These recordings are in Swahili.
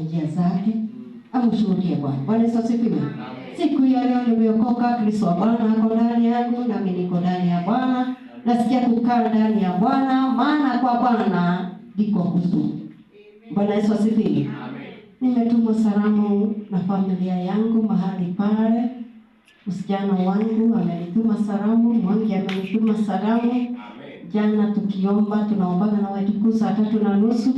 njia zake, amshuhudie Bwana. Bwana Yesu asifiwe. Siku ya leo nimeokoka, Kristo wa Bwana ako ndani yangu, nami niko ndani ya Bwana, nasikia kukaa ndani ya Bwana, maana kwa Bwana ndiko kuzuri. Bwana Yesu asifiwe. Nimetumwa salamu na familia yangu mahali pale, msichana wangu amenituma salamu, Mwangi amenituma salamu. Jana tukiomba, tunaombaga na wajukuu saa tatu na nusu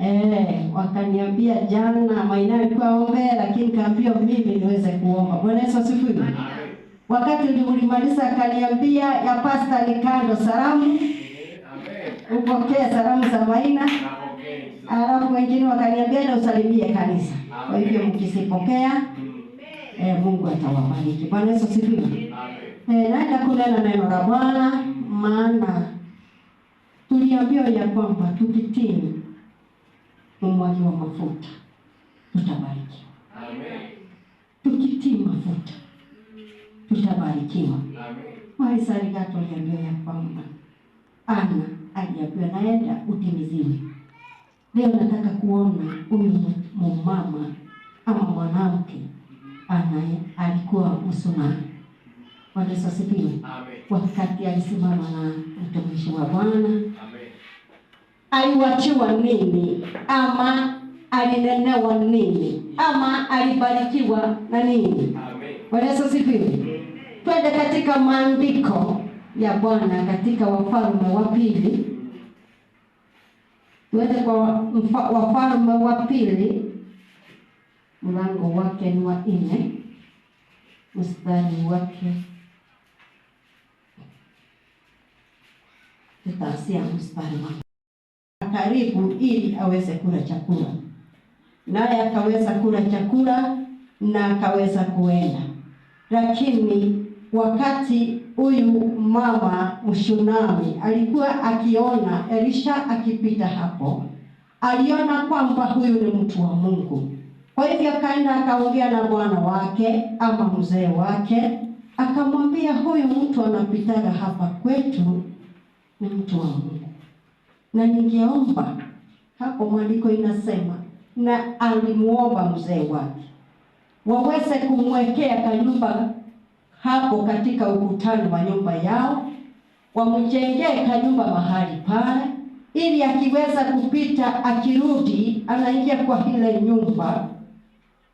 Eh, wakaniambia jana Maina alikuwa aombee, lakini kaambia mimi niweze kuomba. Bwana Yesu asifiwe. Wakati ulimaliza akaniambia ya pasta ni kando salamu. Upokee salamu za Maina. Alafu wengine wakaniambia na usalimie kanisa. Kwa hivyo mkisipokea mm. eh, Mungu atawabariki. Bwana Yesu asifiwe. Eh, naenda kule na neno la Bwana maana tuliambiwa ya kwamba tukitii umwagi wa mafuta tutabarikiwa. Amen. Tukitii mafuta tutabarikiwa. Waisari gato aliambiwa ya kwamba Ana aliambiwa naenda utimiziwe. Leo nataka kuona huyu mumama ama mwanamke anaye alikuwa usumani Bwana Wakati alisimama na mtumishi wa Bwana aliwachiwa nini ama alinenewa nini ama alibarikiwa na nini? Bwana asifiwe. Twende katika maandiko ya Bwana katika Wafalme wa Pili, twende kwa Wafalme wa Pili mlango wake ni wa nne mstari wake tutasia mstari wake karibu ili aweze kula chakula, naye akaweza kula chakula na akaweza kuenda. Lakini wakati huyu mama Mshunami alikuwa akiona Elisha akipita hapo, aliona kwamba huyu ni mtu wa Mungu. Kwa hivyo akaenda akaongea na bwana wake ama mzee wake, akamwambia huyu mtu anapitaga hapa kwetu ni mtu wa Mungu na ningeomba hapo, mwandiko inasema na alimuomba mzee wake waweze kumwekea kanyumba hapo katika ukutani wa nyumba yao, wamjengee kanyumba mahali pale, ili akiweza kupita akirudi, anaingia kwa ile nyumba,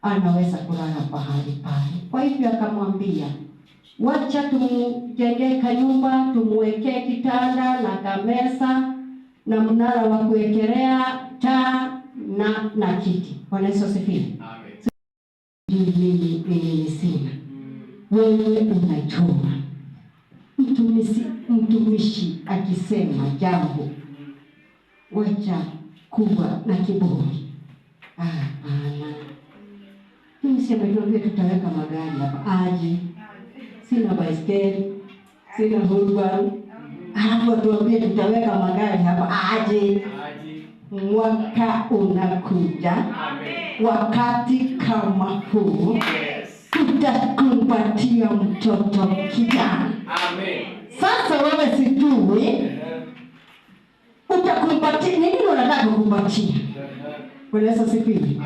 anaweza kulala pahali pale. Kwa hivyo akamwambia wacha tumjengee kanyumba, tumwekee kitanda na kameza na mnara wa kuwekelea taa na na kiti. Bwana Yesu asifiwe. Mimi mimi wewe unachoma. Mtumishi mtumishi akisema jambo, wacha kubwa na kiburi. Hapana, mimi siametoambia tutaweka magari hapa aje, sina baiskeli, sina hulba anapotuambia tutaweka magari hapa aje. Mwaka unakuja Amen. Wakati kama huu yes. Tutakumbatia mtoto kijana. Sasa wewe sijui yeah. Uh-huh. Utakumbatia nini? Unataka kukumbatia uh-huh. Bwana sipi?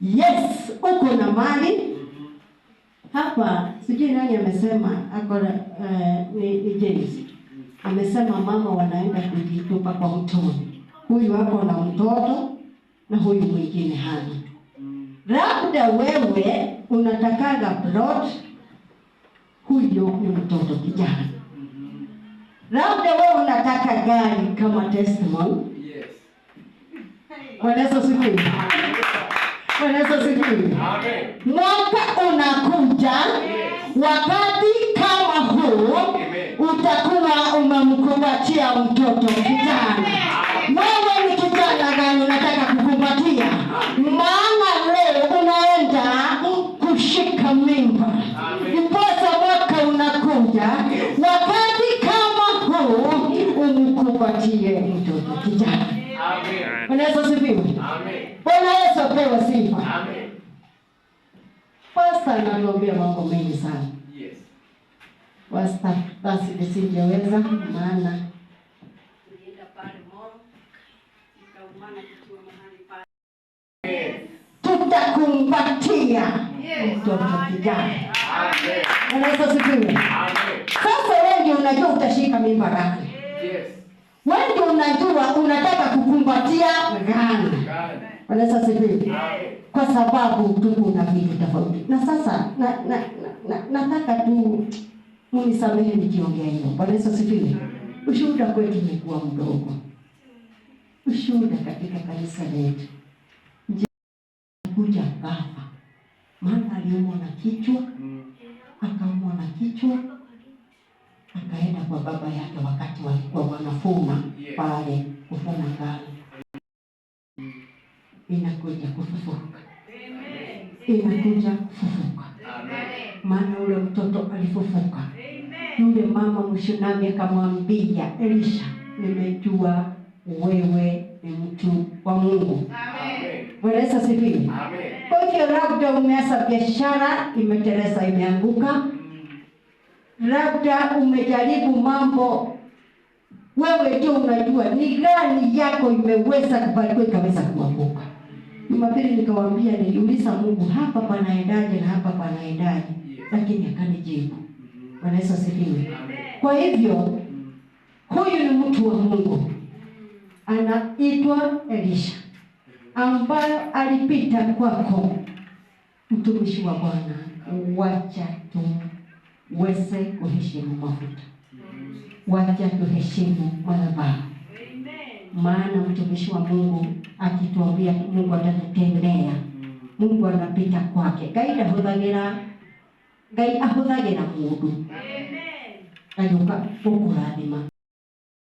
Yes, uko na mali mm-hmm. hapa, sijui nani amesema ako uh, ni, ni James amesema mama wanaenda kujitupa kwa mtoni, huyu wako na mtoto na huyu mwingine hana. Labda wewe unatakaga plot, huyo ni mtoto kijana. Labda wewe unataka gari kama testimony. Yes. Bwana Yesu asifiwe. Bwana Amen. Mwaka unakuja, yes. Wakati kukumbatia mtoto kijana. Wewe ni kijana gani unataka kukumbatia? Maana leo unaenda kushika mimba, iposa mwaka unakuja, wakati kama huu umkumbatie mtoto kijana. Bwana Yesu asifiwe. Bwana Yesu apewe sifa. Pasta ananiambia mambo mengi sana wasta basi visingeweza, maana tutakumbatia mtoto wa kijana. Unazosifiwa sasa. Wengi unajua utashika mimba rake Wengi unajua unataka kukumbatia gani? Unazosifiwa kwa sababu tuku na vitu tofauti. Na sasa nataka na, na, na, na, tu Mnisamehe nikiongea hivyo. Bwana Yesu asifiwe. Ushuhuda kwetu umekuwa mdogo, ushuhuda katika kanisa letu kuja baba, maana aliumwa na kichwa, akaumwa na kichwa, akaenda kwa baba yake wakati walikuwa wanafuma pale, kufuna ngano. Inakuja kufufuka, inakuja maana ule mtoto alifufuka. Yule mama mshunami akamwambia Elisha, nimejua wewe ni mtu wa Mungu. Bwana Yesu asifiwe. labda umeasa biashara imeteleza, imeanguka, labda umejaribu mambo, wewe ndio unajua ni gani yako imeweza kubarikiwa ikaweza kuanguka. Jumapili nikawaambia, niliuliza Mungu, hapa panaendaje na hapa panaendaje? lakini akanijibu. Bwana Yesu asifiwe. Kwa hivyo huyu ni mtu wa Mungu anaitwa Elisha ambayo alipita kwako, mtumishi wa Bwana, wacha tuweze kuheshimu mafuta, wacha tuheshimu madhabahu, maana mtumishi wa Mungu akituambia Mungu atatutendea, Mungu anapita kwake kaida huthagira Gay ako na ginamudo. Amen. Kayo ka, pukurani ma.